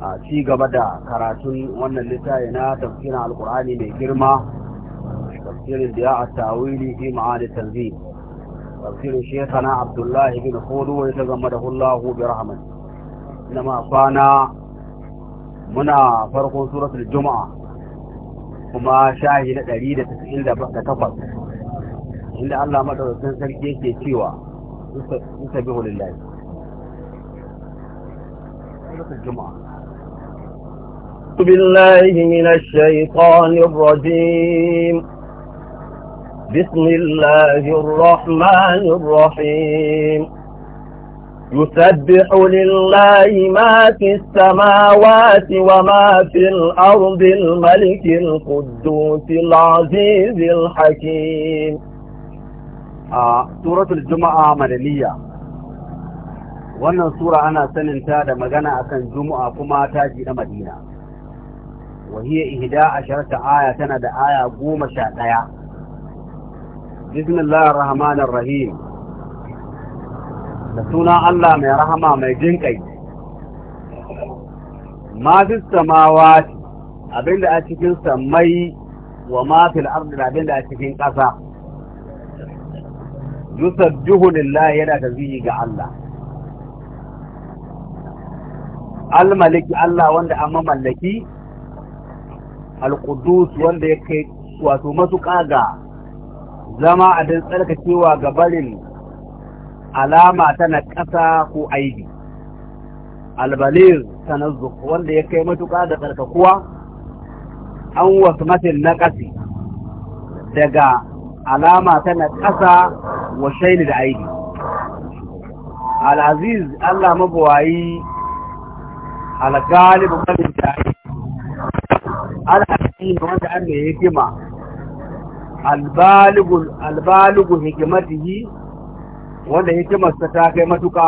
a ci gaba da karatun wannan littafi na tafsirin alkur'ani mai girma tafsirin da ya a tawili fi ma'ani tanzi tafsirin shekana abdullahi bin hudu ya ta zama da hullahu bi rahman na kwana muna farkon suratul juma'a kuma shahi na ɗari da tasa'in da takwas inda allah madaukakin sarki yake cewa in sabihu lillahi suratul juma'a أعوذ بالله من الشيطان الرجيم بسم الله الرحمن الرحيم يسبح لله ما في السماوات وما في الأرض الملك القدوس العزيز الحكيم آه، سورة الجمعة مدنية wannan sura ana saninta da magana akan juma'a kuma ta ji na madina وهي إهداء عشرة آية سند آية قوم شاء بسم الله الرحمن الرحيم سنة الله من رحمة من جنكي ما في السماوات أبين لأتكين سمي وما في الأرض أبين لأتكين قصى يسبجه لله يلا تزيج الله الملك الله وانت أمام ملكي al wanda ya kai wato matuƙa ga zama a don tsarkakewa ga barin alama ta ƙasa ko aibi albalir ta wanda ya kai matuƙa da tsarkakuwa an wasu matin na ƙasi daga alama ta na ƙasa wa shaini da aibi al'aziz allah mabuwayi al-galibu mamin alhakim wanda an mai hikima albaligu hikimatihi wanda hikimarsa ta kai matuka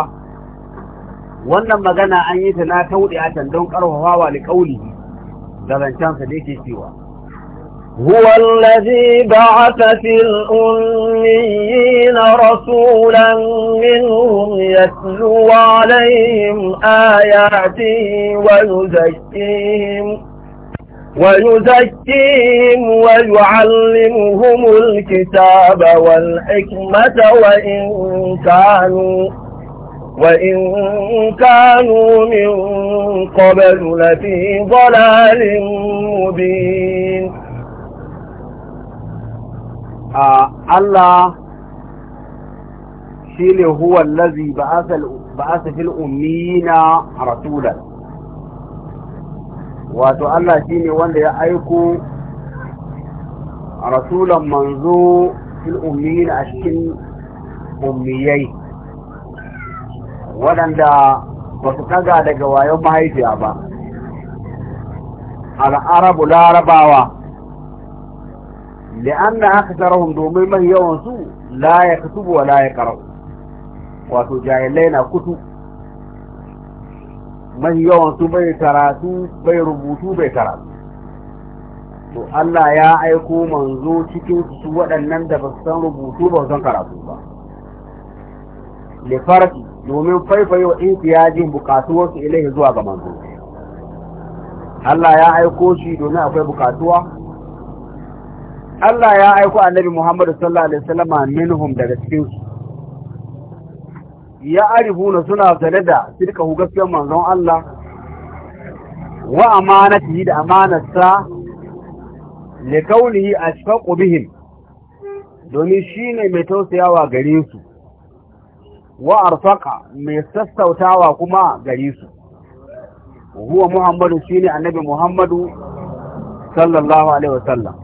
wannan magana an yi ta na tauɗe a can don ƙarfafawa liƙauli da zancensa da yake cewa هو الذي بعث في الأميين رسولا منهم يتلو عليهم آياته ويزكيهم ويزكيهم ويعلمهم الكتاب والحكمة وإن كانوا وإن كانوا من قبل لفي ضلال مبين آه الله شيل هو الذي بعث, بعث في الأمين رسولا wato Allah shi ne wanda ya aiko rasulan manzo fil ummiyin a cikin ummiyai waɗanda ba su taga daga wayon mahaifiya ba al'arabu larabawa na aka tarahun domin mai su? la ya kutubu wa la ya wato jahilai na kutu man yawan su bai karatu bai rubutu bai karatu to Allah ya aiko manzo cikin su waɗannan da ba su san rubutu ba san karatu ba lifarki domin ya wa intiyajin su ilai zuwa ga manzo Allah ya aiko shi domin akwai bukatuwa Allah ya aiko annabi Muhammadu sallallahu alaihi wasallam minhum daga cikin su ya na suna sane da shirka hu gaskiyar manzon Allah wa amanati da amanarsa li kaunihi cikin ƙubihin domin ne mai tausayawa gare su wa arfaqa mai sassautawa kuma gare su huwa muhammadu shi ne annabi muhammadu sallallahu alaihi wasallam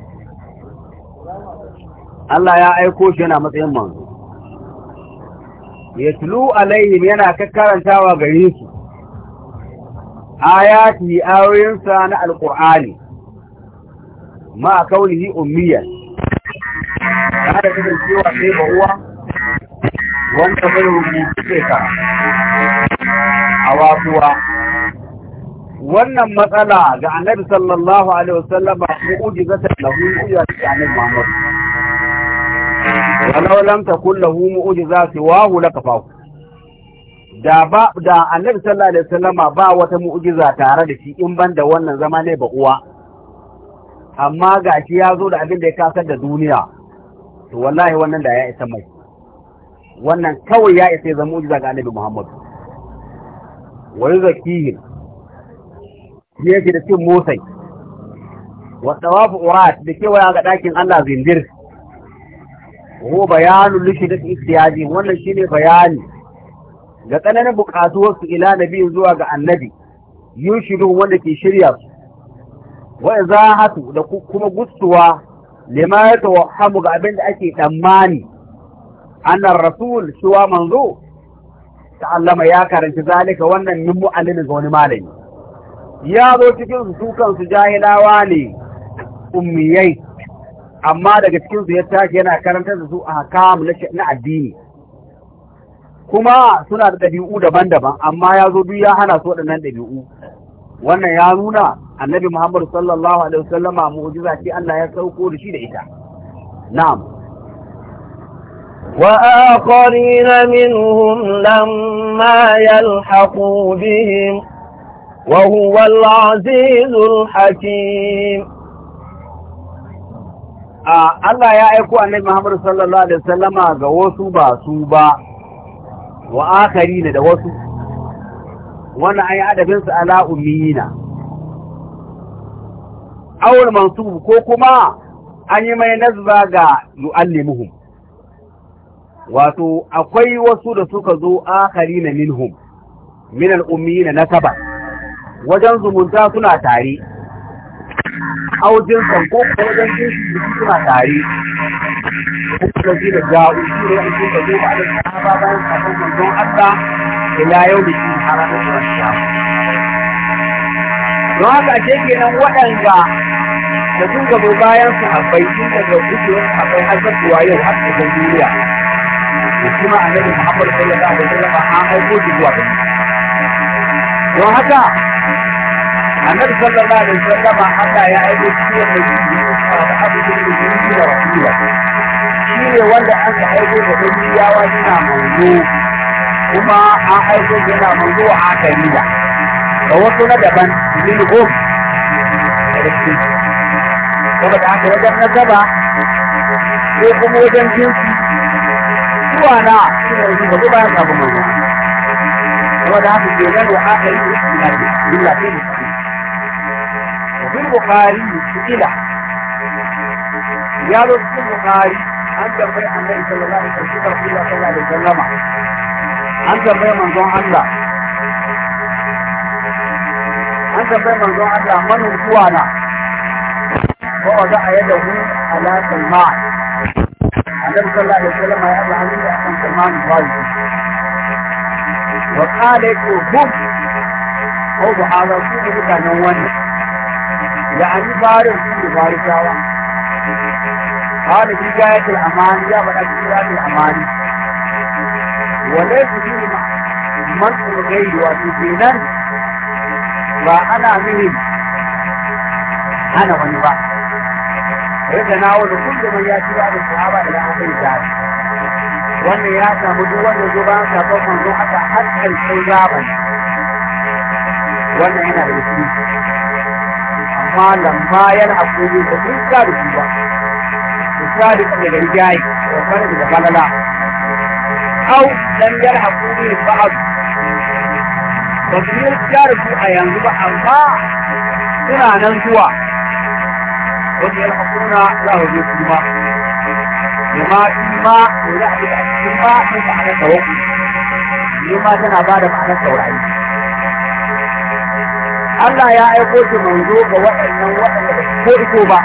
Allah ya aiko shi yana matsayin manzo tulu alaihim yana kakkarantawa gare su ayati ayoyinsa na alqur'ani ma kaunihi ummiyan hada cikin cewa sai ba uwa wanda bai rubutu sai ka a wasuwa wannan matsala ga annabi sallallahu alaihi wasallama mu'ujizatan lahu ya ta annabi Muhammad walau lam takul lahu mu'jiza siwahu lakafahu da ba da annabi sallallahu alaihi wasallama ba wata mu'jiza tare da shi in banda wannan zama ne ba uwa amma gashi ya zo da abin da ya kasar da duniya to wallahi wannan da ya isa mai wannan kawai ya isa zama mu'jiza ga annabi Muhammad wa yuzakihi yake da cin motsai wa tawafu urat da kewaya ga dakin Allah zindir ko bayanu lushi da istiyaji wannan shine bayani ga tsananin bukatu su ila nabi zuwa ga annabi yushiru wanda ke shirya su wa izahatu da kuma gustuwa lima ya ga abin da ake tsammani annar rasul shiwa manzo allama ya karanci zalika wannan min mu'allimin ga wani malami ya zo cikin su su jahilawa ne ummiyai amma daga cikin su ya tashi yana karantar da su a hakam na addini kuma suna da ɗabi'u daban-daban amma ya zo duk ya hana su waɗannan ɗabi'u wannan ya nuna annabi Muhammad sallallahu alaihi wasallama mu'jiza ce Allah ya sauko da shi da ita na'am وآخرين منهم لما يلحقوا بهم وهو العزيز الحكيم Allah ya aiko annabi Muhammad sallallahu alaihi wasallama ga wasu ba su ba wa akari da wasu wannan ayi adabin su ala ummiyina awul mansub ko kuma an yi mai nazba ga yu'allimuhum wato akwai wasu da suka zo akari na minhum min al-ummiyina nasaba wajen zumunta suna tare A wajen sanko ko wajen jinsi da suna tare kuma da shi ne ba da bayan manzon Allah yau da shi har don haka ce nan waɗanda da sun gabo bayan sahabbai sun har yau har da duniya da kuma annabi Muhammad sallallahu alaihi wasallam an aiko zuwa don haka annabi sallallahu alaihi wasallam Allah ya aiko shi ne da abu da yake da rasula shi ne wanda an ka aiko da dabiyawa yana manzo kuma an aiko yana manzo a akaliya ga wasu na daban min hum kuma da haka wajen nasaba ko kuma wajen jinsi zuwa na shi ne da zuba bayan sabon manzo kuma da aka ke nan wa akaliya illa ce bukari ila ya rukun bukari an tambayi annabi sallallahu alaihi wasallam shi karfi da sallallahu alaihi wasallam an tambayi manzon Allah an tambayi manzon Allah man huwa na ko wa a yadda hu ala salma annabi sallallahu alaihi sallama ya Allah an yi akan salma ne ba shi wa qala ku ko ba a rukun mutanen wannan la'ani farin da farisawa hada shi gayatul amani ya faɗa cikin gayatul amani walai su yi man ulgai wato kenan ba ana mihin hana wani ba yadda na wani kullum mai ya ci ba da sahaba da la'akai da wannan ya samu duk wanda zo bayan sabon manzo aka har ƙarshen zaɓen wannan yana da shi malam bayan yana hakuri da sun sadiki ba sun da daga rijayi wannan da falala au dan yar hakuri ba abu ba su yi shi a yanzu ba amma suna nan zuwa wani yar na za a zo su ma kuma shi ma ko za a yi a cikin ma sun ma'anar tawakkuli ne tana ba da ma'anar saurari Allah ya aiko shi manzo ga waɗannan waɗanda ba ko iko ba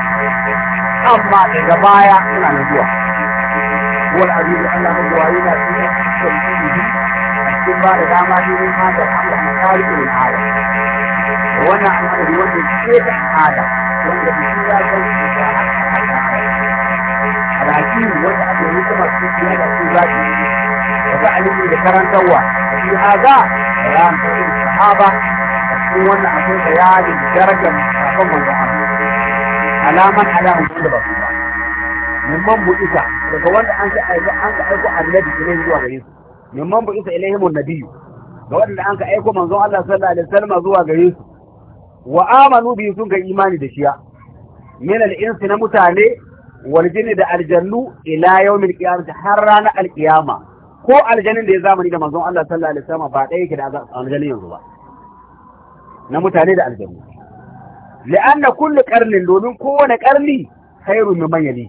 amma daga baya suna nazuwa. zuwa wal azizu Allah mai wayi na cikin cikin ba da dama ne mun hada Allah na kare ku na ala wannan al'amari wanda ke da ala wanda shi ya san shi ta alaki wanda aka yi kuma su ya da su zaki da ta'alimi da karantarwa shi haza ran sahaba cikin wannan akwai bayanin darajar sakon manzo alaman ala wanda ba su ba mimman bu isa daga wanda an ka aiko an ka aiko annabi ilaihi zuwa gare su mimman bu isa ilaihi mun nabiyyu ga wanda an ka aiko manzo Allah sallallahu alaihi wasallam zuwa gare su wa amanu bi sun ga imani da shiya min al-insi na mutane wal jinni da aljannu ila yawmil qiyamah har ranar alqiyama ko aljannin da ya zamani da manzon Allah sallallahu alaihi wasallam ba ɗaya yake da aljannin yanzu ba na mutane da aljanna la'anna kullu qarnin domin kowane qarni khairu min man yali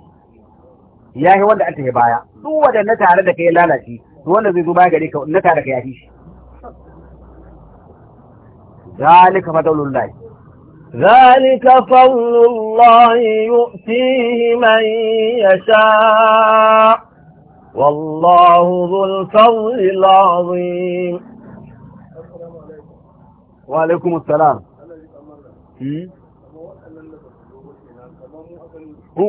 yahi wanda an tafi baya duk wanda na tare da kai lalace wanda zai zo baya gare ka na tare da kai yafi shi zalika fadlullah zalika fadlullah yu'tihi man yasha يشاء والله ذو الفضل العظيم wa alaikum assalam hmm? ku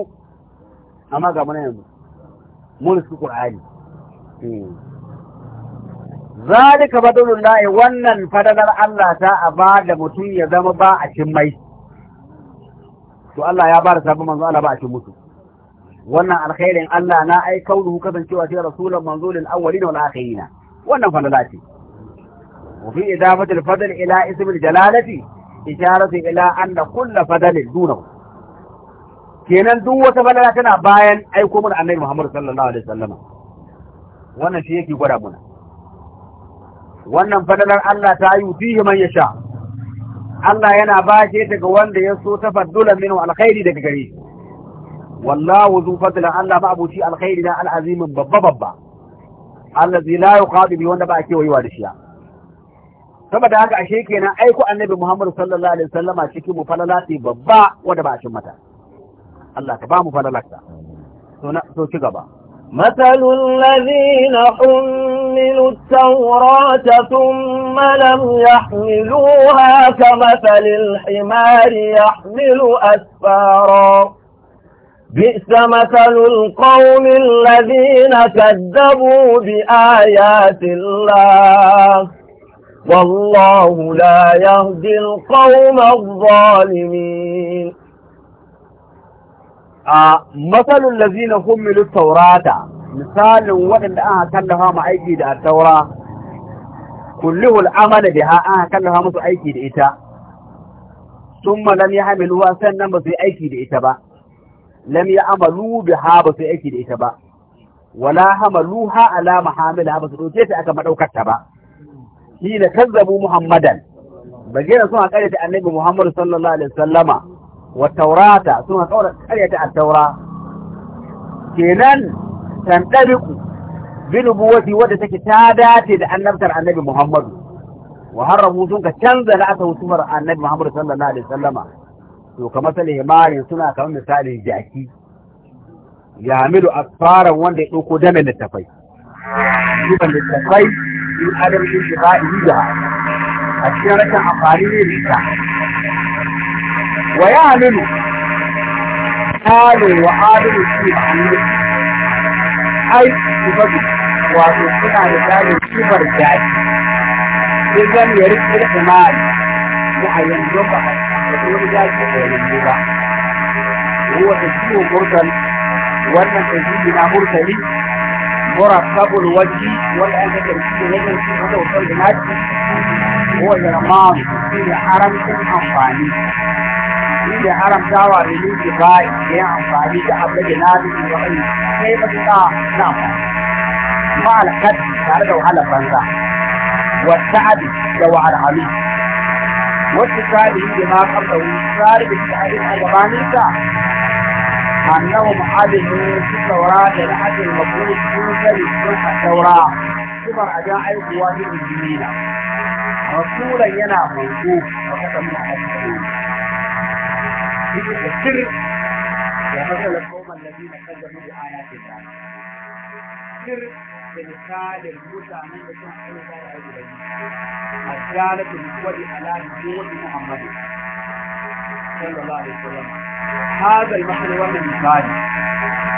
amma ga mana yanzu mun su qur'ani hmm. zalika badalun la'i wannan fadalar Allah ta a ba da mutum ya zama ba a cin mai to Allah ya ba da sabon manzo al'a ba a cin musu wannan alkhairin Allah na ai kauluhu kasancewa sai rasulun manzo lil awwalin wal akhirin wannan fadala ce وفي إضافة الفضل إلى اسم الجلالة إشارة إلى أن كل فضل دونه kenan duk wata balala tana bayan aiko mana annabi sallallahu alaihi wasallam wannan shi yake gwada muna wannan fadalar Allah ta yi fihi man yasha Allah yana ba shi ta ga wanda ya so tafaddulan minhu alkhairi daga gari. shi wallahu zu fadlan Allah ma abuci na da alazim babba babba allazi la wanda ba a da shi saboda haka ashe kenan aiko annabi Muhammad sallallahu alaihi wasallama cikin mu falala ce babba wanda ba a cin mata Allah ka ba mu falalarta to na to ci gaba مثل الذين حملوا التوراة ثم لم يحملوها كمثل الحمار يحمل أسفارا بئس مثل القوم الذين كذبوا بآيات الله والله لا يهدي القوم الظالمين آه، مثل الذين حملوا التوراة مثال وقت آه كلها ما أيكي دا التوراة كله العمل بها آه كلها ما أيكي دا إتا ثم لم يعملوا سنة ما أيكي دا إتا با لم يعملوا بها بس أيكي دا إتا با ولا حملوها على محاملها بس أوتيت أكما با hina kazzabu muhammadan ba bagina suna karyata annabi Muhammadu sallallahu alaihi wasallama wa taurata suna karyata at-taura kenan tandariku binubuwati wadda take ta dace da annabtar annabi Muhammadu. wa haramu sun ka canza da aka hutumar annabi Muhammadu sallallahu alaihi wasallama to kamar salihin marin suna kamar misalin jaki ya hamilu asfaran wanda ya dauko damin littafai littafai من عدم انتفائه بها الشيرة أقاليم الإسلام ويعلم آل وآدم الشيخ أي تفضل وتوقيع لذلك الشيخ الجاي إذا يرد الإيمان وحين يبقى يقول ذلك هو تشبيه مرسل وأن تشبيه مرسلين مركب الوجه والعين التمثيل وجه الشيخ وصول الناس هو يرمان في حرم الأنفاني في حرم دعوة بلوك باي في أنفاني تحب جنابي وعين كيف تقع نعم مع القد تعرض على بنزا والتعب لو على علي والتسالي لما قبله سارب التعريف على بانيسا أنهم عدلوا في التوراة للعدل المفروض يوجد في التوراة كبر أجائب واجب الجميلة رسولا ينا موجود وقت من الحديثين السر يا يغزل القوم الذين كذبوا بآيات الله السر بمثال الموسى من يكون حلوة الأولين الرسالة الوجه على نبوة محمد صلى الله عليه وسلم هذا المثل والمثال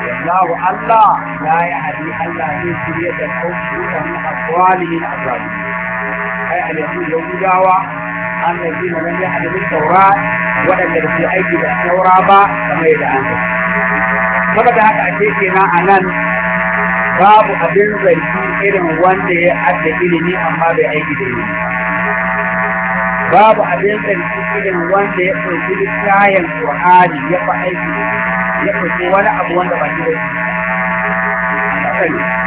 والله الله لا يهدي الله في سرية الحب من أقواله الأبرار أي أن يكون يوم جاوة أن الذين لم يحدث التوراة وأن في أيدي التوراة كما يدعى saboda haka ake kenan a nan babu abin zargi irin wanda ya adda ilimi amma bai aiki da ilimi babu abin zargi irin wanda ya ɗauki littayen ƙwa'ani ya fa aiki ya ɗauki wani abu wanda ba shi da shi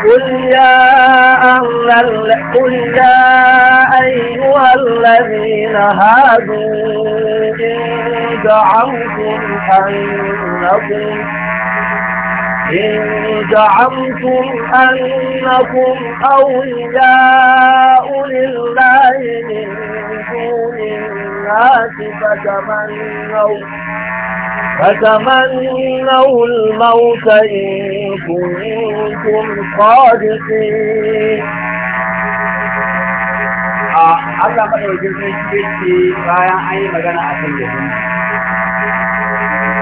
قل يا قل يا أيها الذين هادوا إن دعوتم أنكم إن زعمتم أنكم أولياء لله من دون الناس فتمنوا فتمنوا الموت إن كنتم صادقين Allah madaukin sarki yake bayan an yi magana a kan yanzu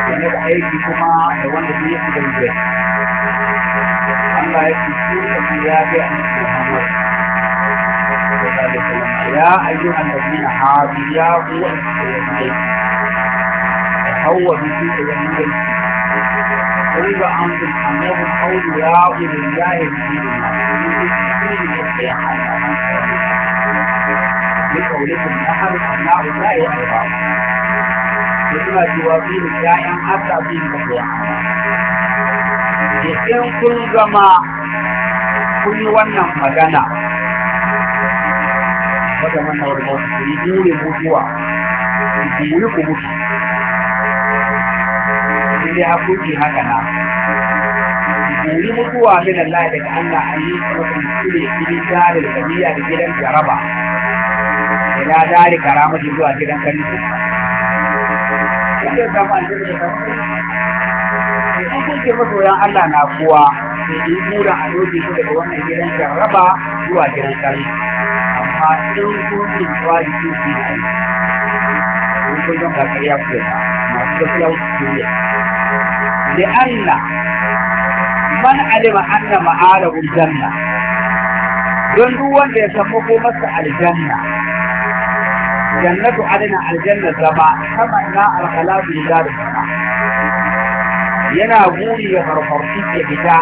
game da aiki kuma da wanda su yi su da يا أيها الذين آمنوا يا قوة تهوى بسوء الأمور قرب أنتم أنه القول يا أولي الله يبين لقولكم نحن أبناء الله أحباب مثل جوابين الدائم حتى فيه مطلعا in kun zama kun yi wannan magana wata manna wani ba su yi dole mutuwa su yi ku mutu sai dai hakuki haka na yi mutuwa min Allah daga Allah a yi kuma su ne tarin kamiya da gidan jaraba. Ina dari karamar zuwa gidan kanisu. Ina zama a jirgin ce masoyan Allah na kuwa da yi burin a doke su daga wannan gidan raba zuwa gidan kare amma in kun yi tsawa da su su yi in kun zan bakar ya fiye ta masu da kula su ne da Allah man alima anna ma'alahul janna don duk wanda ya samu ko masa aljanna jannatu adana aljanna zama kama ina alkalabi da yana buri ya farfarci ya fita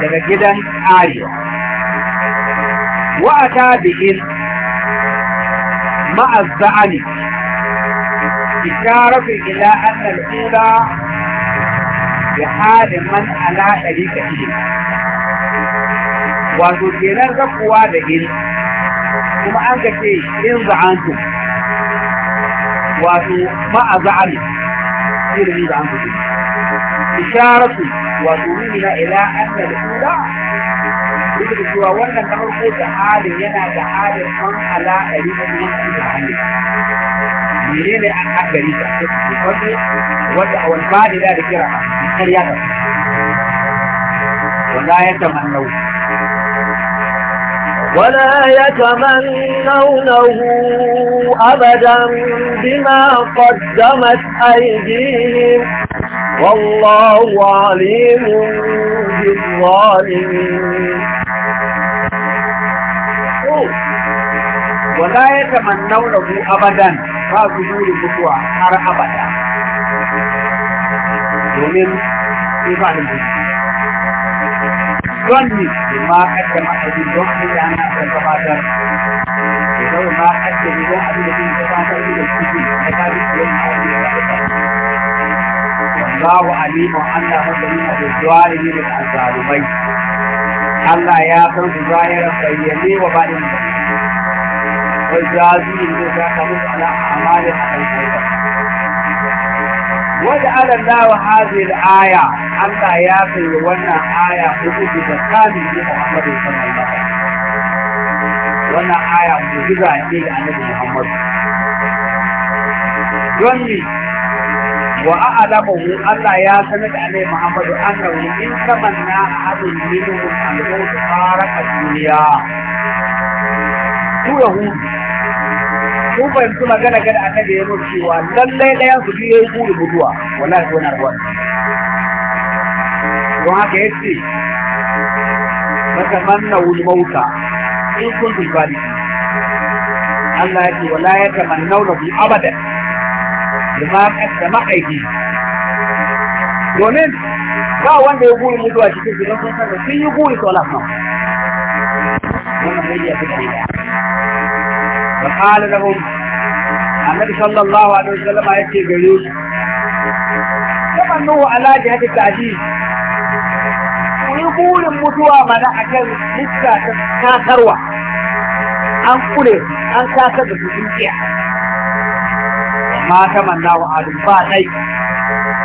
daga gidan arewa wa'ata bikin ma'azza'ani isharafin ila annal ula bi halin man ala ɗarika ilimi wato kenan zakuwa da in kuma an ka ce in za'antu wato ma'azza'ani كثير يريد عنه إشارة وتوهمنا إلى أن الأولى يجب سوى ولا نقول كيف حال ينا كحال من على قريب من الحال منين أحد قريب وضع والمال لا ذكر خريات ولا يتمنوا ولا يتمنونه أبدا بما قدمت أيديهم والله عليم بالظالمين ولا يتمنونه أبدا ما قدور المطوع har abada domin imanin don ne ma kaddama abin don Allah na gabatar Allah wa alimu Allah hadari a da zuwari ne da azalumai. Allah ya san su zahira bayyane wa bani da ba. Wai za su yi ne za ka mutu ala amali a kan kai. Wata alan da wa hazin Allah ya sayi wannan aya ko da kamin ne a Muhammadu sallallahu wannan aya mu'jiza ce ga annabi Muhammad don ni wa a'lamu Allah ya sanar da annabi Muhammad annahu in tamanna ahadun minhum al-maut faraka dunya ku ku kun fahimci magana gada annabi ya nuna cewa lallai ɗayan su biyu yayi burin buduwa wallahi ko na ruwan don haka yace matamanna wul mauta yukun bil bali Allah ya ce wala ya tamannawna bi abada lima qaddama aidi domin ba wanda ya buri mutuwa cikin su don sun san sun yi buri to Allah kan wannan zai iya fita ne wa qala lahum annabi sallallahu alaihi wasallam ya ce gare su tamannu ala jihati ta'dil burin mutuwa mana a kan lissa ta kasarwa an kure an kasa da su jiya ma ta manna wa adam ba dai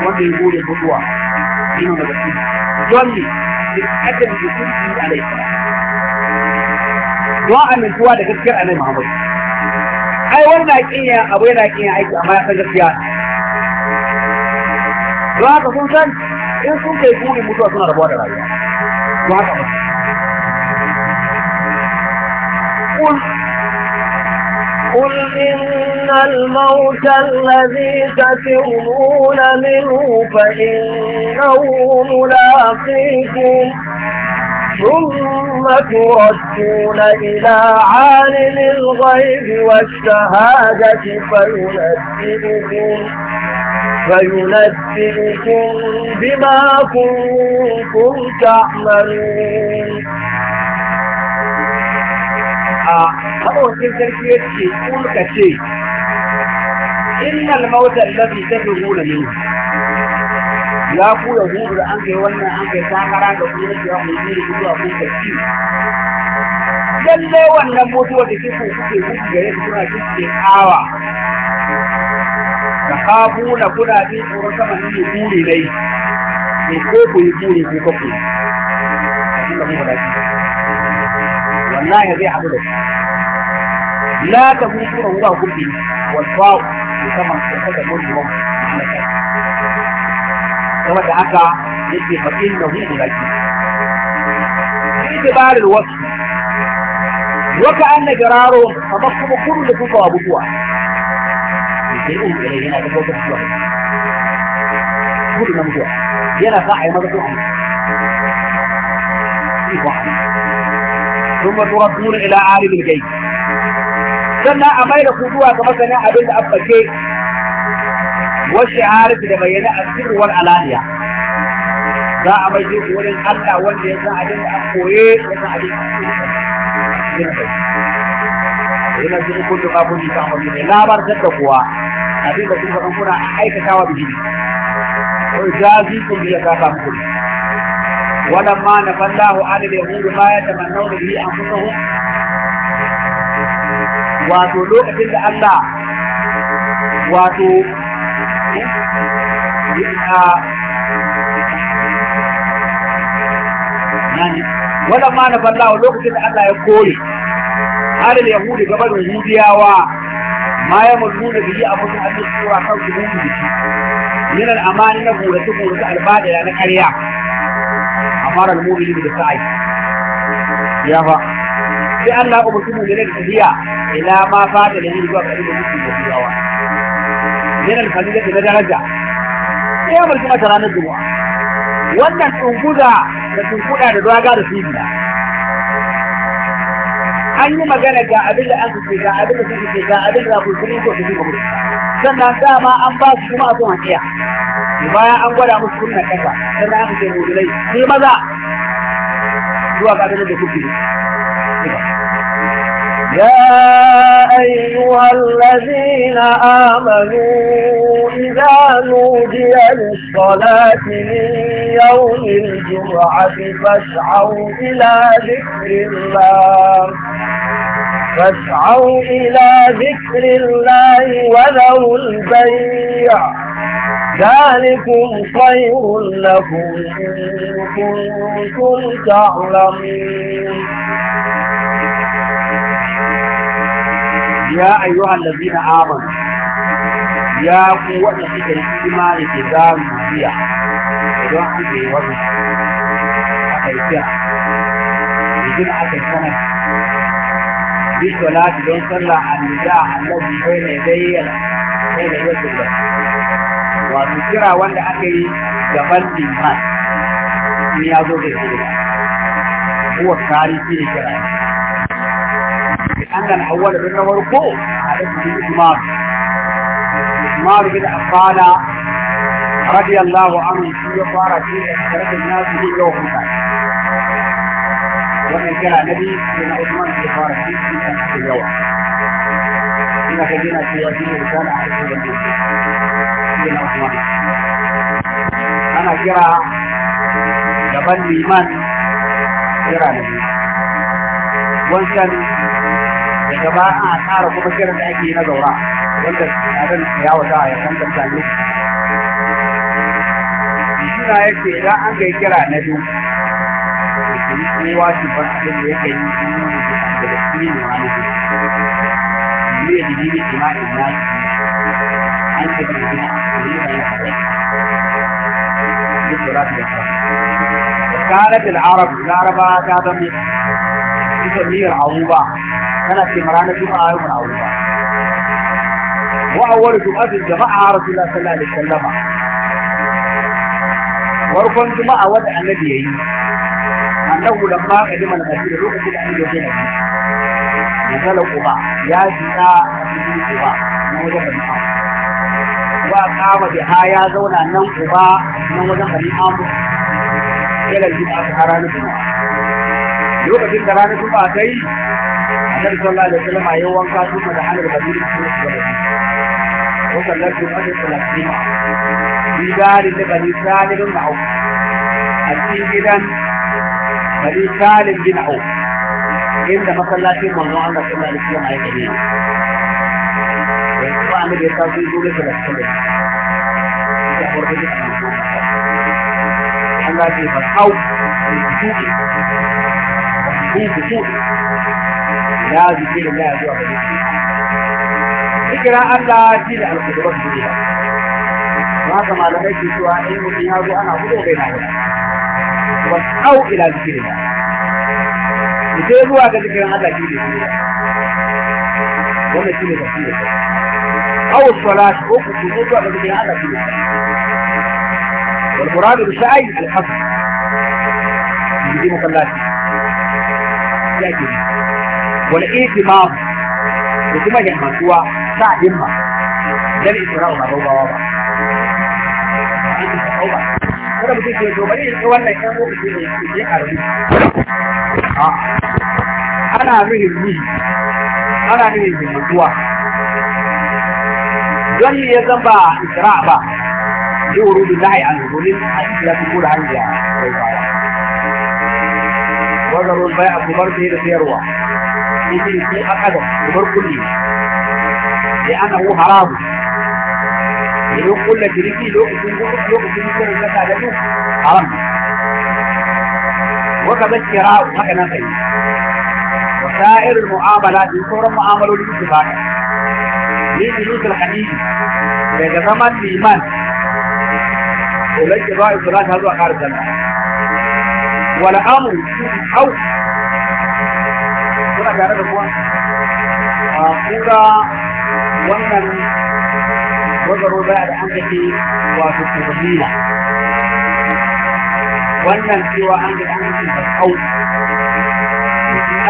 wanda ya gode mutuwa ina daga su don ne da kadan da su yi alai don amintuwa da gaskiyar alai muhammadu ai wannan kiyan abu yana kiyan aiki amma ya san gaskiya don haka sun san in sun kai burin mutuwa suna rabuwa da rayuwa don haka ba قل قل إن الموت الذي تفرون منه فإنه ملاقيكم ثم تردون إلى عالم الغيب والشهادة فينبئكم فينبئكم بما كنتم تعملون a maɗaukin sarki ya ce ƙulka ce innal mauta allazi tadhuruna min ya ku ya hudu da an kai wannan an kai takara da kuma cewa mu yi zuwa kun kaci lalle wannan mutuwa da kike kuke kuke gare ku kuna kike awa da kafu na kuna bi tsoron sama ne buri dai ko ku yi buri ko ku kuma mu da لا يبيع حمله لا تكون صورة ولا كله والفاو يسمى صورة المنهم على كده كما دعك يجي فقير نهيد في باعتبار الوقت وكأن جراره تضخم كل كفى وبطوع يسيئهم إليهنا تفوت الشهر كل ممدوع يلا فاعي مضى في واحد ثم تردون إلى عالم الغيب sannan a mai da ku zuwa ga masanin abin da abbake wasu harifi da bayyana a sirruwar alaniya za a mai shi wurin Allah wanda ya san abin da an koye ya san abin da yana jin kullu ma kullu ta da kuwa ولما نفى الله عن اليهود ما يتمنون به انفسهم wato lokacin da Allah wato wannan ma na fallawa lokacin da Allah ya koyi halin yahudi gaban yahudiyawa ma ya mulmuna biyi a mutum a cikin tsora kan su mun biki min al'amani na burace burace albada na karya amara al-mu'minin da sa'i ya fa sai Allah ya ubutu mu da tafiya ila ma fata da zuwa ga ilmin mutum da turawa yana al-fadila da daraja sai ya barki mata ranar juma'a wannan tunguda da tunguda da daga da sibiya an yi magana ga abin da an ce ga abin da suke ga abin da ku kun ko ku ku sannan dama an ba su kuma a zuwa tiya bayan an gwada musu kunna kasa sannan aka ce mulai sai maza zuwa ga da kuke يا أيها الذين آمنوا إذا نودي للصلاة من يوم الجمعة فاسعوا إلى ذكر الله فاسعوا إلى ذكر الله وذروا البيع ذلكم خير لكم إن كنتم تعلمون يا أيها الذين آمنوا يا قوة في الإيمان كتاب مبيع إذا أنت وزن أخيتها يجب أن تكون bi salati don sallah annida annabi sai ne dai sai ne yake da wato kira wanda aka yi gaban liman in ya zo da shi kuwa kari shi ne kira an nan awwal bin na farko a da shi imam imam bin afana radiyallahu anhu shi ya fara shi da karfin nasu yau kuma wannan kira na biyu sai na Usman ke fara cikin kan yawa ina ka gina cewa shi ne risala a cikin wanda yake shi na Usman ana kira gaban liman kira na biyu wancan daga ba a tsara kuma kiran da na zaura wanda yake idan an kai kira na biyu كانت العرب العرب في كثير عوبا كانت في مرانة جمعة من عوبا وأول جمعة الجماعة رسول الله صلى الله عليه وسلم وركن جمعة وضع النبي أنه لما قدم المدينة لوكس الأمير يجينا نزل قباء يا جاء أبيه قباء نوجه النعم وقام بها يا زونا نم قباء نوجه النعم إلى الجمعة حرانة النعم lokacin da ranar tuba ta yi annabi sallallahu alaihi wasallam ayi wanka tun da hanar badiri ko ko kallar tun da salati bi gari da bani salim ma'u a cikin gidan Ali Salim bin Auf inda masallacin manzon Allah sallallahu alaihi wasallam ya kare yanzu ba mu da sabu dole da cikin da horbe da Allah ya ba hau duki duki duki la zikira la zuwa ga zikira Allah shi da alƙudrat duniya Ba kama da kai cewa in mutum ya zo ana gudu bai na gudu الأكبر أو إلى ذكر الله لتيزوا كذكر هذا كيلي فيها ومن كيلي تفيلة أو الصلاة أو كتبوتوا كذكر هذا كيلي فيها والقرآن بشأي الحفظ يجيبه كالله لكن والإيتماض وكما جهما سوى سعد إما ذلك إسراء ما wani mutum ke bari wannan ne ana mihin ni ana nuhin himmatuwa don me ya zamba ba isra ba yi wuri da nahi an domin a cikin lafi ko da hanya kai baya wazarun bai a kumar da da sayarwa ne ne sai aka da sai ana hu haramu don kulla jirgi lokacin lokacin gudu, na da haram wa ka zakira haka nan sai wa mu'amala din sauran mu'amaloli su ba ka ni julusul hadisi daga zaman liman ulai ba ibrahim zuwa karzan wal amru au kuna tare da kuwa a kura wannan وضروا بعد عمده سوى التضمينة والنفي وعن عمده أو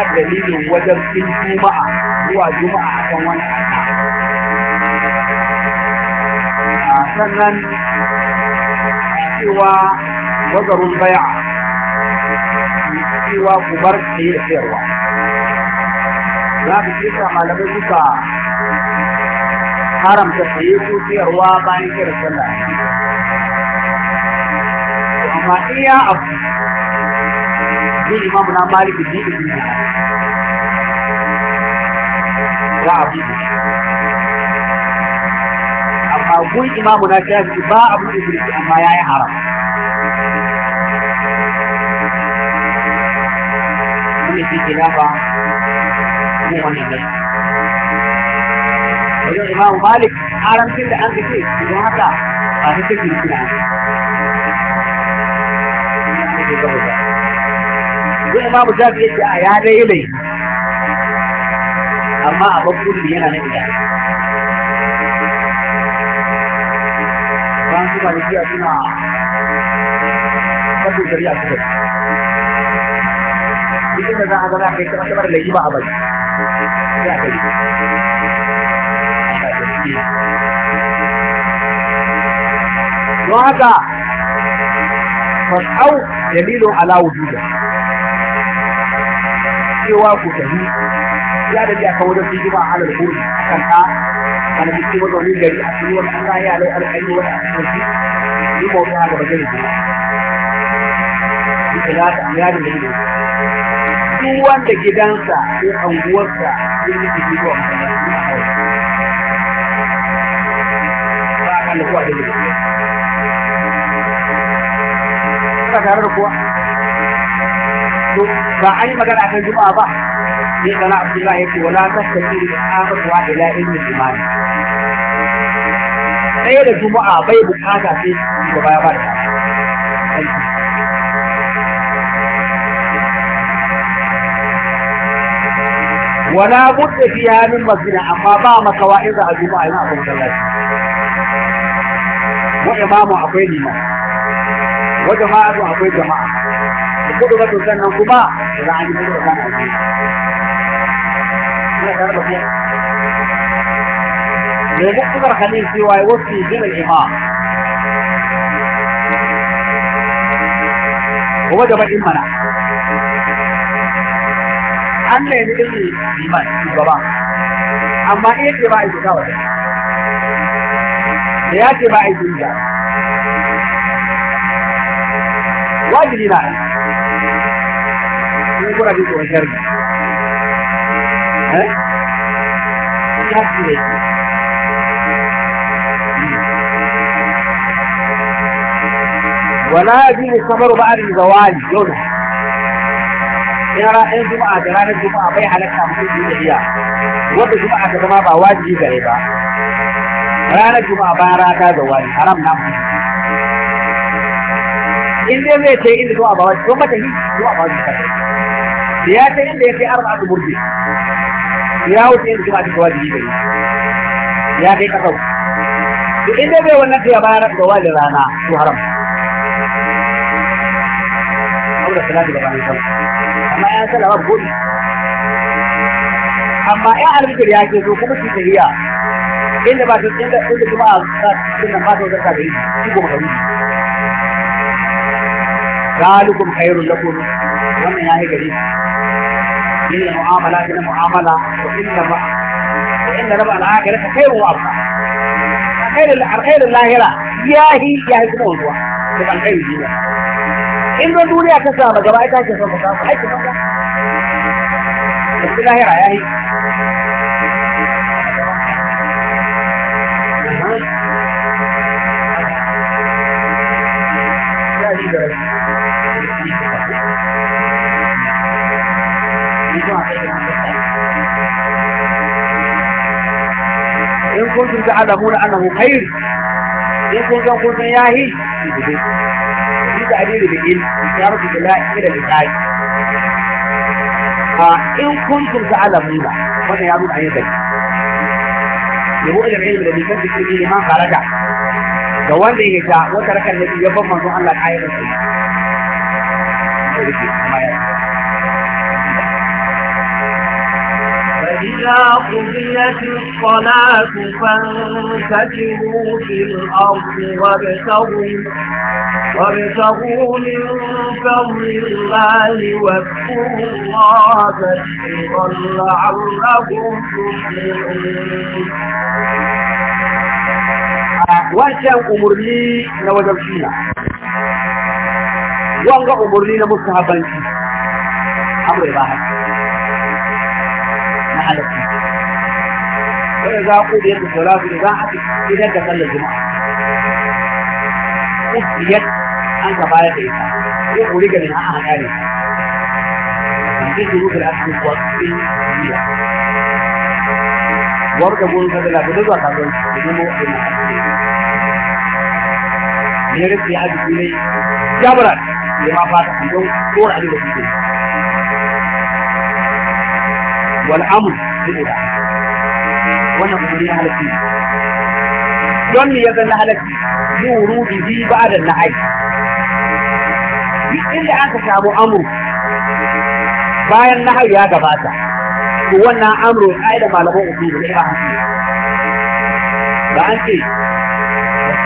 الدليل ودرس الجمعة هو جمعة ثمان أحسن سوى وزر البيعة سوى كبر خير خير لا بكثرة ما لبثك haramta saye ko siyarwa bayan kiran sallah amma iya abu ne imamu na maliki ne da duniya za a buɗe amma gun imamu na shafi ba a buɗe birki amma ya yi haram wani ke kilafa ko wani gaskiya wajen imamu malik haramcin da an kace don haka ba ta cikin kira zai imamu shafi yake a ya dai lai amma a babu ne yana na ida Ba su ba da jiya suna babbun shari'a su kai duk inda za a zama kai kamar da yi ba a bai sai kai don haka fas'au dalilin ala wujuda cewa ku tafi ya da ya kawo da su jima a halar kuri kan ka kan jiki mazaunin gari a cikin wani Allah ya lau alƙari wani a cikin shi yi mawuta a gaba gari ne duka na ta ya da dalilin duk wanda gidansa ko anguwarsa ya yi da shi zuwa ba tare da kowa ba an yi magana kan juma'a ba sai kana abdullahi yake wala tasaki da akhwa ila ilmi iman sai da juma'a bai bukata sai da baya ba da ولا بد فيها من مسجد اما با a الجمعه ina ابو الله wa imamu akwai liman wa jama'atu akwai jama'a da kudu ba to sannan kuma da an yi kudu da kan aiki ina tare da kuma mai muktasar halin cewa ya wasu jiran imam kuma da baƙin mana an nemi ilmi liman shugaba amma iya ce ba a yi da wajen حياتي باعي جنجا واجري لاعي يقول ابيك وشرق ها ياتي ليك ونادي الثمر بعد الزوال جنح يا رأي الجمعة جلال الجمعة إيه بيها لك عمدين جنجا وضي الجمعة كما بأواجه ranar juma'a bayan rana ta zawa wani haram na mutum in dai zai ce inda zuwa bawa don mata yi zuwa bawa shi kare da ya ce inda ya kai arba abu burge ya wuce inda zuwa ta zawa ne ya kai kasau to in dai zai wannan ta ya da zawa da rana to haram aure salatu da bayan amma ya sallah ba gobe amma ya da ya ke zo kuma shi ta riya inda ba su inda inda jama'a za su inda ba su zarka da yi shi goma garu zalikum khairul lakum wannan yayi gari min mu'amala ila mu'amala wa inna ma wa inna rabb al-akhirah khairun wa abqa khair al-khair al-lahira yahi yahi kuma wanzuwa da ban kai duniya in don duniya ta samu gaba ita ce son ka samu aiki maka lahira yahi إن كنتم تعلمون أنه خير إن كنتم قلتم ياهي في تعليل بالإلم إشارة بالله إلى الإنسان آه، إن كنتم تعلمون وأنا يعلمون أن يدري يقول العلم الذي كنت فيه ما خرجه ga wanda ya ja wata rakar da ya ban manzon Allah ta yi rasu فإذا قضيت الصلاة فانتشروا في الأرض وابتغوا وابتغوا من فضل الله واذكروا الله كثيرا لعلكم تفلحون wancan umarni na wajen suna wanga umarni na musu habanci amur ba haka na halatta kada za ku da yadda saura su da za a fi idan da sallar juma'a kusuriyar an ka bayar da ita sai ku riga min a hana ne zai da asibi kuwa cikin jiya warga gurin sadala da zuwa kasuwanci da nemo da a asibi ne rufe ya ji ne jabara ne ma fata ku don tsora ne da kuke wal amr bil ila wannan kuma ne halaki don ne ya zanna halaki ni wurudihi ba'da na'i duk inda aka samu amru bayan na ya gabata to wannan amru ai da malaman usul ne ba ba an ce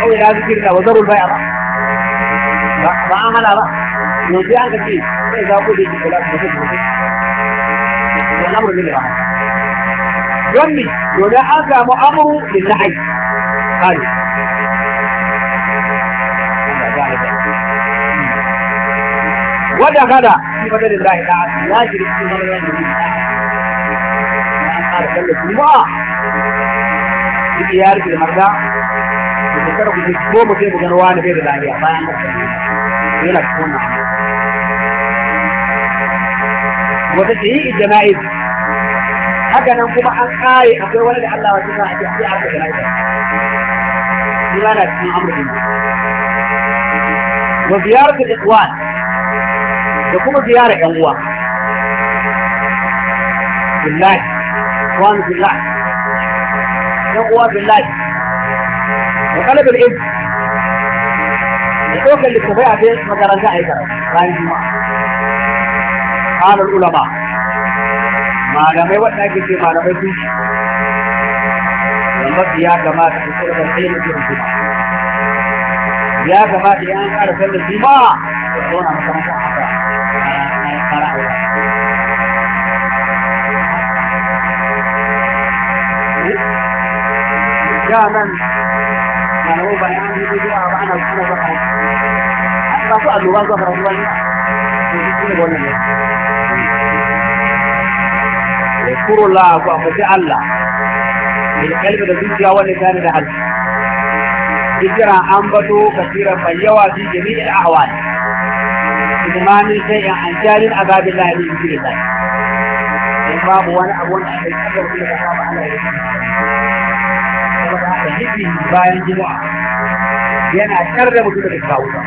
kawai da zikiri da wazarul ba ba an hana ba yanzu an kace sai za ku da ki kula da su ne ba gami yana an samu amru lin nahi hadi wada kada ki fada da lahi da ya jiri cikin wannan yanzu ba a kallon kuma ki yarda da marda ku kada ku ji ko mu sai wani bai da lafiya bayan da yana cikin wata ce yi jana'iz haka nan kuma an kare akwai wani da Allah wata za a ce sai aka jana'iz shi ma na cikin amrin wa ziyaratul da kuma ziyarar yan uwa billahi wa billahi yan uwa billahi وقلب العلم الحوكة اللي تبيع في مجرد جائزة رايح قال العلماء ما لم يوحنا كثير ما لم يكن والمبدي يا جماعة تحصل الحين في الجماعة يا جماعة يا أنت على فن الجماعة يكون على مجازا معروفة يعني بدعة وأنا وأنا بقى حتى سؤال موظف رجل يذكر الله وأخذ الله من قلب الزوجية واللسان العلم ذكر أنبتوا كثيرا فيوا في جميع الأحوال إدمان شيء عن جال عذاب الله من ذكر الله إمام وأنا أبونا أحد أبونا أحد أبونا أحد zikiri bayan juma'a yana karda mutum da kawo ta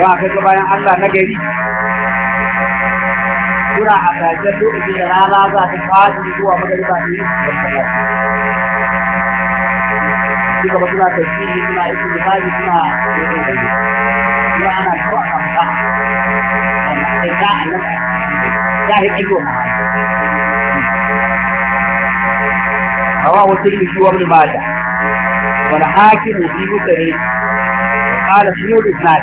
wa kaga bayan Allah na gari Kuna a kajar lokacin da rana za ta fadi zuwa ba ne shi gaba suna tafiye suna yi suna yi suna yi suna ana kawo a kamfa a ta a nan ya yi ƙigo ma'a رواه الترمذي وابن ماجه والحاكم في مسنده قال سيد الاسناد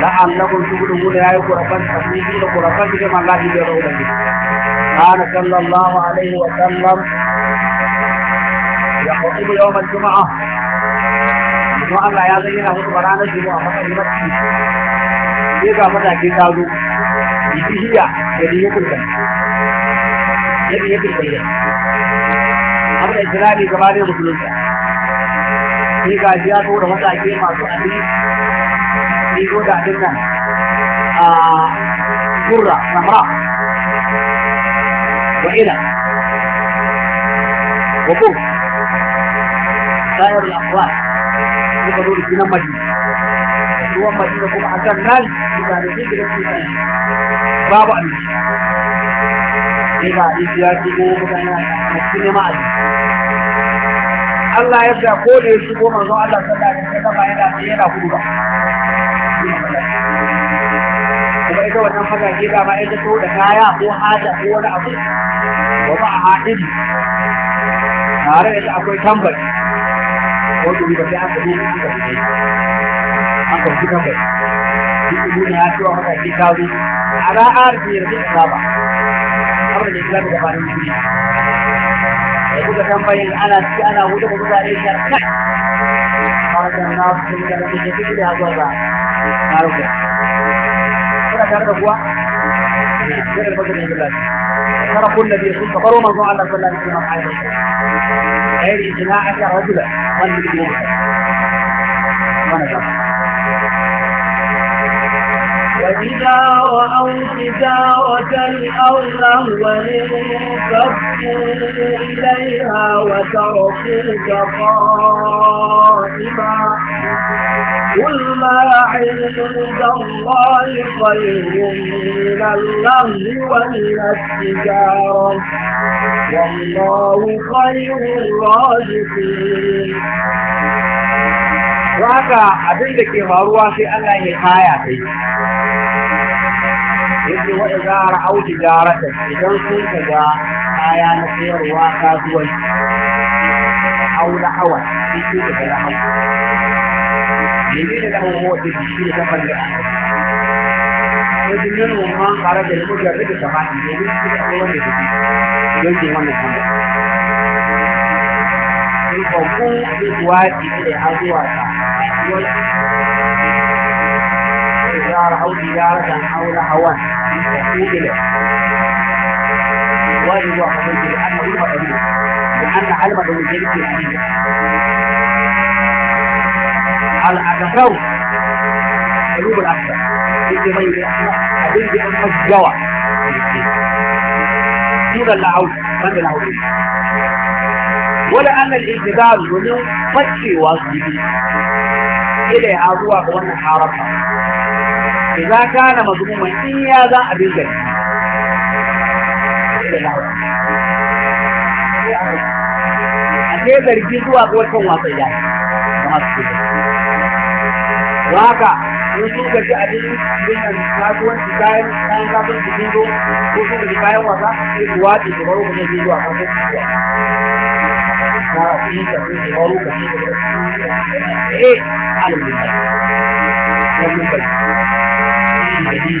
لعلكم تقولون يا قربان تقولون قربان كما الله يرون قال صلى الله عليه وسلم يخطب يوم الجمعة kuma Allah ya zayyana musu ba ranar Juma'a matsayin mafi sai ga mataki ta zo bibihiya da ne ya kulkan ya ne ya kulkan da ikirari gaba ne musulunta sai ga shi ya so wata ke masu abin ni ko da abin nan a gurra samra wa ila wa ko sayar al akwai ko ka da kinan nan madina ruwan madina kuma a kan nan suka da shi gidan su babu abinci sai ga abinci ya shigo mutane a cikin ma'aji Allah ya ga ko da ya shigo manzon Allah sallallahu alaihi wasallam yana yana ba. kuma ita wannan fagage dama ita ko da kaya ko haja ko wani abu wa ba haɗiri tare da akwai tambari ko dubi da sai aka zo aka fi aka fi tambari duk ibu ne ya ciwa fagage ta zo a ra'ar biyar da ba. Amurka ne da ba da mutum kuka tambayin ana ci ana wuce da kuka rai shar kai wannan na su da da ke cikin da zuwa ba na rufe kuna tare da kuwa zai da bakin da ترى كل الذي يصيب فقروا من الله صلى الله عليه وسلم عليه غير جماعة رجلا ظن باليوم وإذا رأوا تجارة أو لهوا انفضوا ذهبوا إليها وتركوك قائما قل ما عند الله خير من اللهو ومن التجارة والله خير الرازقين haka abin da ke faruwa sai Allah ya kaya kai yake wa idza ra'aw tijaratan idan sun kaga kaya na sayarwa kasuwanci haula hawa shi ke daga lahau menene lahau hawa ce shi ne kafan da wajen yin rumman kare da yi mujar rage sama domin su da abubuwan da suke yankin wannan kuma babban kuwa jiki da ya zuwa ta wani ya rahau da ya rasa haula hawan da su ilai واجب وحسن لأنه علم قديم لأن علم قديم جديد قديم على أكثر قلوب الأكثر في ما يبقى قديم بأن مجوع دون اللعوب من اللعوب ولأن الإجبال منه فتشي واجبي إليها ذوق وأن حارتها إذا كان مضموما إياه ذا أبي الجنة a ce zargi zuwa ga wata wasa ya ga masu kudu waka in sun gaji a cikin binan kasuwanci kayan kayan kasuwanci sun zo ko sun gaji kayan wasa sai su wace su baro kuma zai zuwa kasuwanci kuwa Eh, alhamdulillah. Wannan bai. Wannan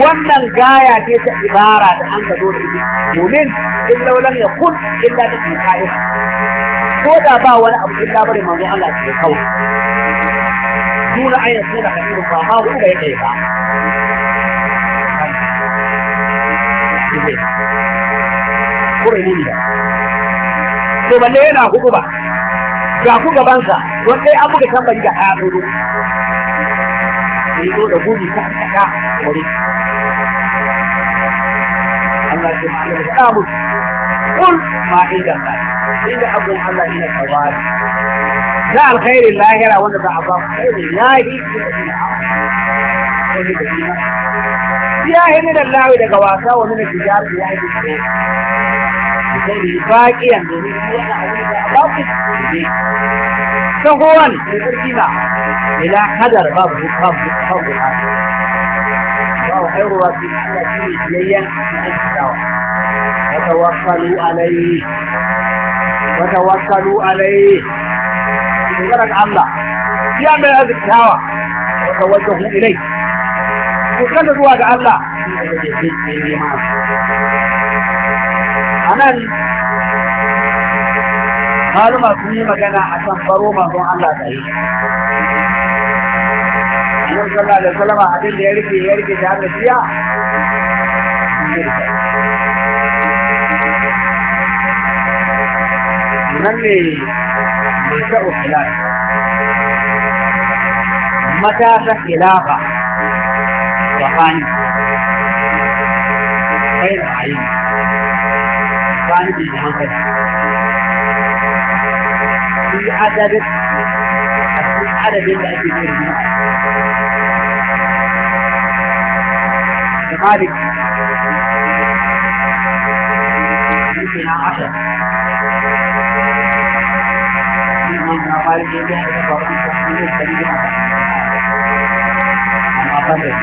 wannan gaya ce ta ibara da an ka zo da ita domin in laulan ya kun illa ta tuka ita ko da ba wani abu illa bari manzo Allah ke kawai duna ayin sura kafir ba ma ku ga yake ba kure ne ne to balle yana hukuba ga ku gabansa wanda ai abuga tambari ga ayatu ya zo da gudu ta kaka wuri Allah ya ce da kamu kul ma inda ka inda abun Allah ina kawari da alkhairin lahira wanda za a ba ku khairin lahi ya hini da lawi daga wasa wani na tijar ya yi annabi baƙiyan domin yana abin da alaƙi sahuwan mai ƙarfi na ila hadar babu babu babu babu haihuwa fi Allah shi ne biyayyen cikin kitawa watawakkalu alaihi watawakkalu alaihi dogara ga Allah shi an bai azikawa watawakkalu ilai ku kada zuwa ga Allah shi ne da ke cikin a nan maluma sun yi magana a kan faro mazon Allah tsaye yin sallah da salama abin da ya rike ya rike da haka siya nan ne mai sa'o filan matasa filafa da hannu kai da ayyuka galibi da hankali shi adadin a cikin adadin da ake cin jima'a da malik yake na ashar shi man na malik ya yi da baban kuma ne da jima'a amma ban da shi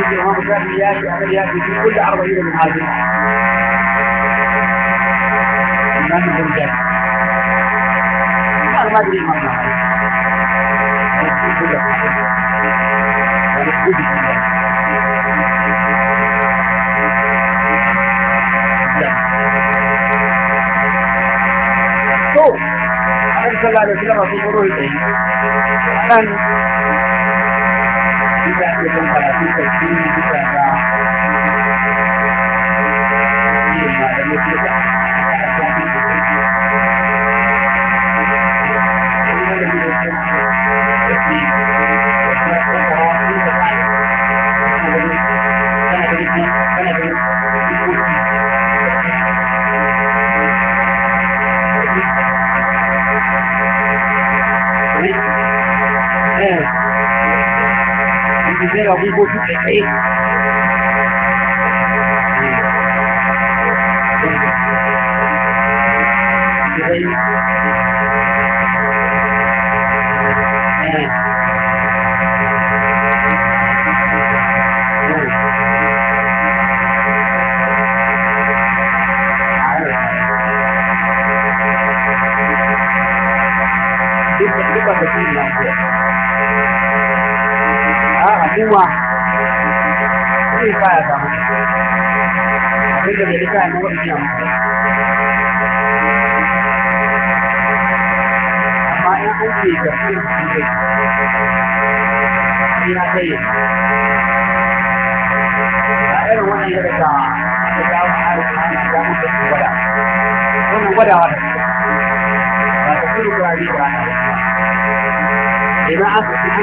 ياتي الامام الشافعي ياتي احمد ياتي في كل عرض يريد من هذه الامام ابن جابر قال ما ادري الامام شوف النبي صلى الله عليه وسلم في مروره الان da kan karatun tafsiri bisa thế là vui vui thích đấy Thank Thank you. yunwa zai sa ya samu abin da bai rika na waɗanda ya amma in an ke tafiyar su kai sai na kai a irin wannan yadda ta ta ta ta ta ya ta ta gwada wannan gwadawa ta ba ta kuri kurare ba idan aka fi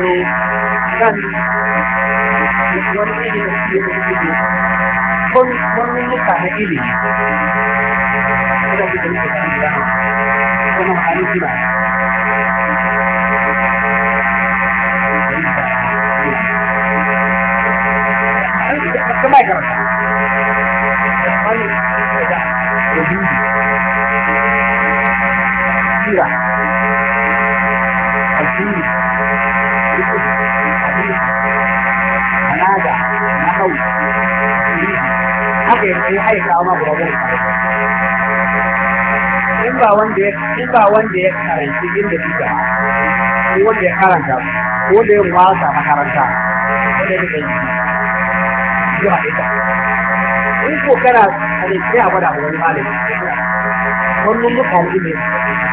lo gánà wọ́n ní ìdílé ìdílé ìdílé wọ́n ní ní haka yi haika a babban in ba wanda ya in ko wanda ya karanci inda ko wanda ya karanta ko da ya wasa makaranta ko da ya yi zuwa ita in ko kana a ne sai a gwada wani malami wannan mutane ne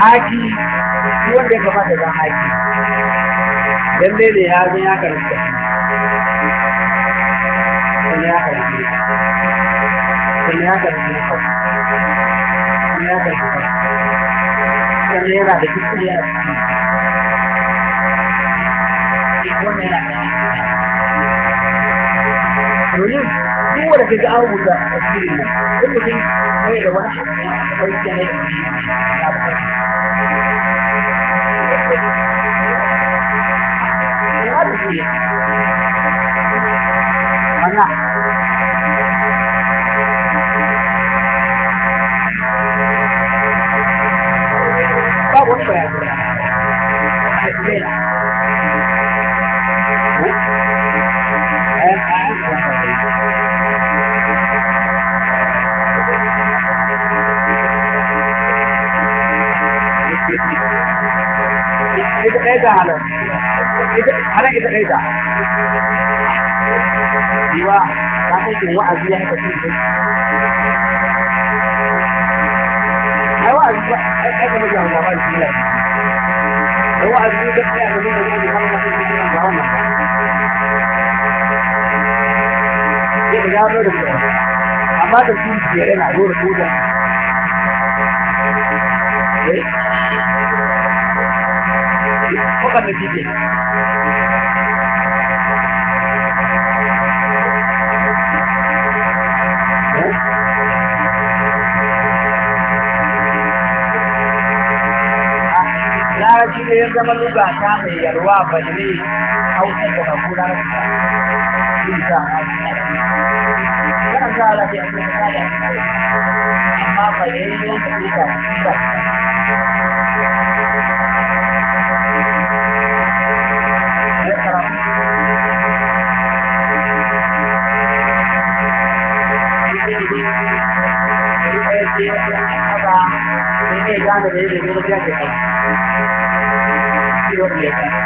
haki shi wanda ya kamata zan haki dai da ya zan ya karanta sannan ya karanta sannan ya karanta sannan ya karanta sannan yana da kuskure a ciki domin duk wanda ka ga an rubuta a cikin nan duk mutum bai da wani hakki a cikin nan ita ɗaya yiwa ta aikin wa'azi ya haka shi ai wa'azi ya aika mafi yawon gaba da shi da wa'azi ya ga ɗaya da nuna yadda kan mafi shi ne ga wannan yadda ya zo da amma da shi eh? ke yana zo da koda Bukan da shi ke. ya zama luga ta mai yarwa balle hausa da hakura ta kuma luga kan ga lafiya ta da amma balle ne da luga ta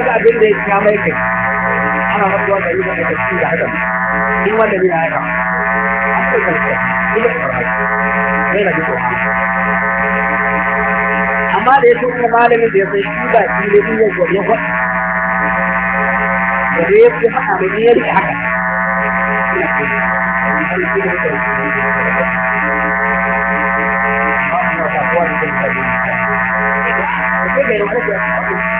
ya ga abin da ya ya mai kai ana masu wanda yi wanda kashi da haka in wanda ne ya haka a cikin kashi ina farfaki sai na duka amma da ya tuka malamin da ya sai shi ba shi ne in ya ya kwaɗi da ya fi haka mai ne ya haka Thank you.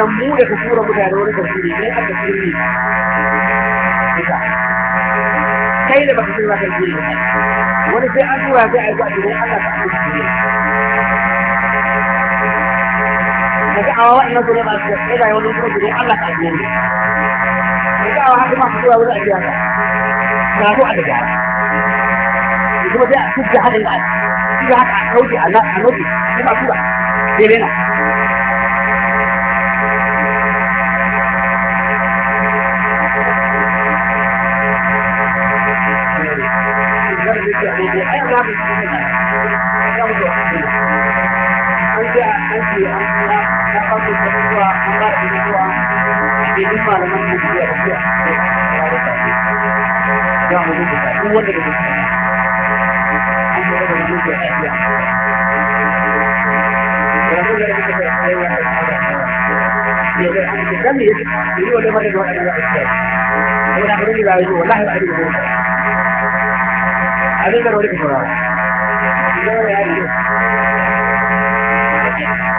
sannan mu da ka tura mutane wani tafsiri ne aka sirri kai da baka sirra wani sai an tura sai a yi gwaji ne Allah ka tura jiri daga awa wa'annan su ne ba su da wani kuma jiri Allah ka tura jiri daga awa haka masu tura wani ajiya ka na so a daga kuma sai a cikin hadin da a haka a a mun yi da shi ya mu yi da duk wanda da shi an da da shi ya shi ya mu da shi da shi ya ya da shi da ne yi wala ma da wani ya shi ko na gurin da yi wallahi ba da shi abin da wani kuma ba idan ya yi